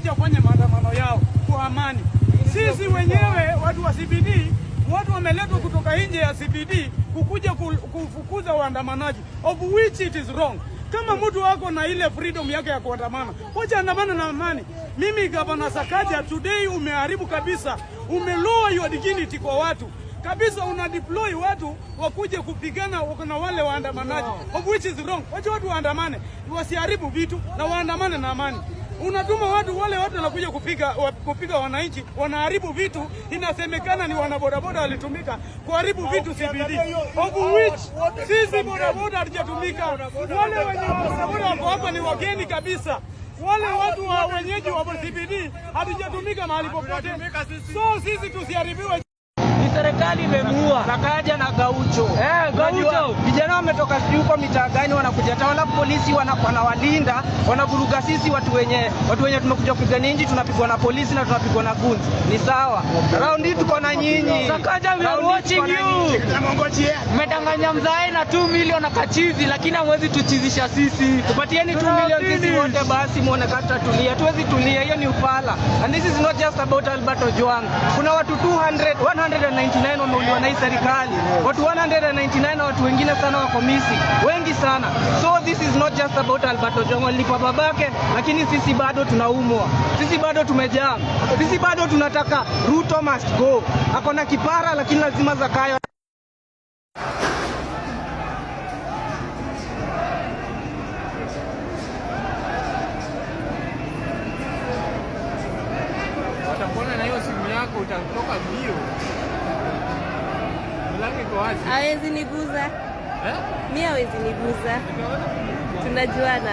waje wafanye maandamano yao kwa amani. Sisi wenyewe watu wa CBD, watu wameletwa kutoka nje ya CBD kukuja kufukuza waandamanaji, of which it is wrong. Kama mtu wako na ile freedom yake ya kuandamana, wacha andamana na amani. Mimi gavana Sakaja, today umeharibu kabisa, umeloa your dignity kwa watu kabisa una deploy watu wakuje kupigana na wale waandamanaji, of which is wrong. Wacha watu waandamane, wasiharibu vitu na waandamane na amani. Unatuma watu wale watu wanakuja kupiga kupiga wananchi, wanaharibu vitu. Inasemekana ni wanabodaboda walitumika kuharibu vitu CBD, of which sisi bodaboda hatujatumika. Wale wenye bodaboda wako hapa ni wageni kabisa wale watu wa wenyeji wa CBD hatujatumika mahali popote, so sisi tusiharibiwe serikali imemuua, akaja na gaucho eh, gaucho. Vijana wametoka sijui huko mitaa gani, wanakuja tawala, polisi wanawalinda, wanavuruga sisi watu wenye watu wenye tumekuja kupiga nchi, tunapigwa na polisi na tunapigwa na guns. Ni sawa, round hii tuko na nyinyi. Sakaja, we are watching you. Mmedanganya mzae na 2 million akachizi, lakini hamwezi tuchizisha sisi. Tupatieni 2 million sisi wote basi, muone kata tulia Tuwezi tulia, hiyo ni upala. And this is not just about Albert Ojwang. Kuna watu 200 190 199 wameuliwa na hii serikali, watu 199 watu wengine sana wako misi, wengi sana. So this is not just about Albert Ojwang, walilipwa babake, lakini sisi bado tunaumwa, sisi bado tumejaa, sisi bado tunataka Ruto must go. Ako na kipara lakini lazima Zakayo utatoka mbio. Hawezi niguza eh? Mi hawezi niguza, tunajuana.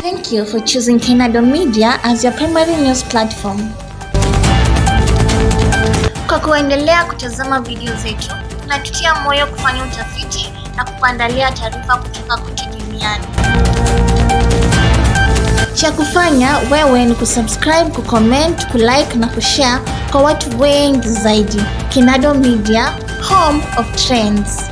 Thank you for choosing Kenado Media as your primary news platform. Kwa kuendelea kutazama video zetu, tunatutia moyo kufanya utafiti na kukuandalia taarifa kutoka kote duniani. Cha kufanya wewe ni kusubscribe, kucomment, kulike na kushare kwa watu wengi zaidi. Kenado Media, home of trends.